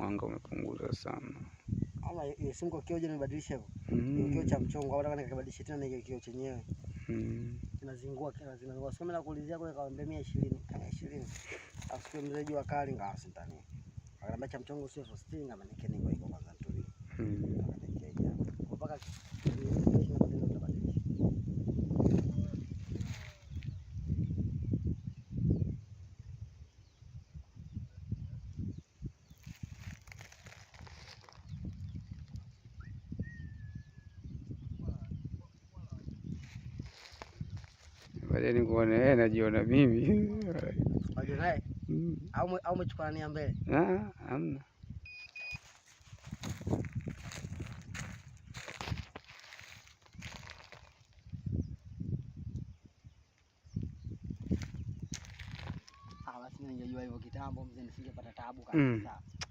mwanga umepunguzwa sana. Ama ile simu kwa kioo je, nimebadilisha hivyo? Mm. Kioo cha mchongo au nataka nikabadilisha tena ile kioo chenyewe. Mm. Kinazingua kila zinazingua. Sasa mimi nakuulizia kule kaambia 120, kama 20. Afu mzee jua kali ngawa sintani. Akaambia cha mchongo sio 60 kama nikeni kwa hiyo. Wajeni nikuone yeye eh, najiona mimi. Unajua naye? Mm. Au au umechukua nia mbele? Ah, hamna. Ah, basi ningejua hivyo kitambo mzee nisingepata taabu kabisa. Mm.